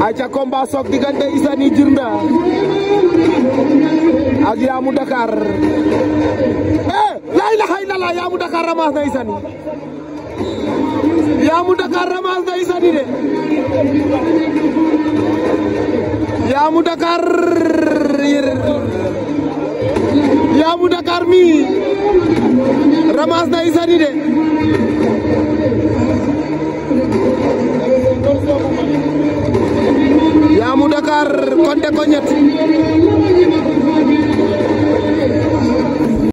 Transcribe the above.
aca combat soog diggante Isani Djirnda ak Yamou Dakar eh la ilaha illallah Yamou Dakar ramasse na Isani Yamou Dakar ramasse na Isani de Yamou Dakar Yamou Dakar mi ramasse na Isani de Dakar compté ko ñett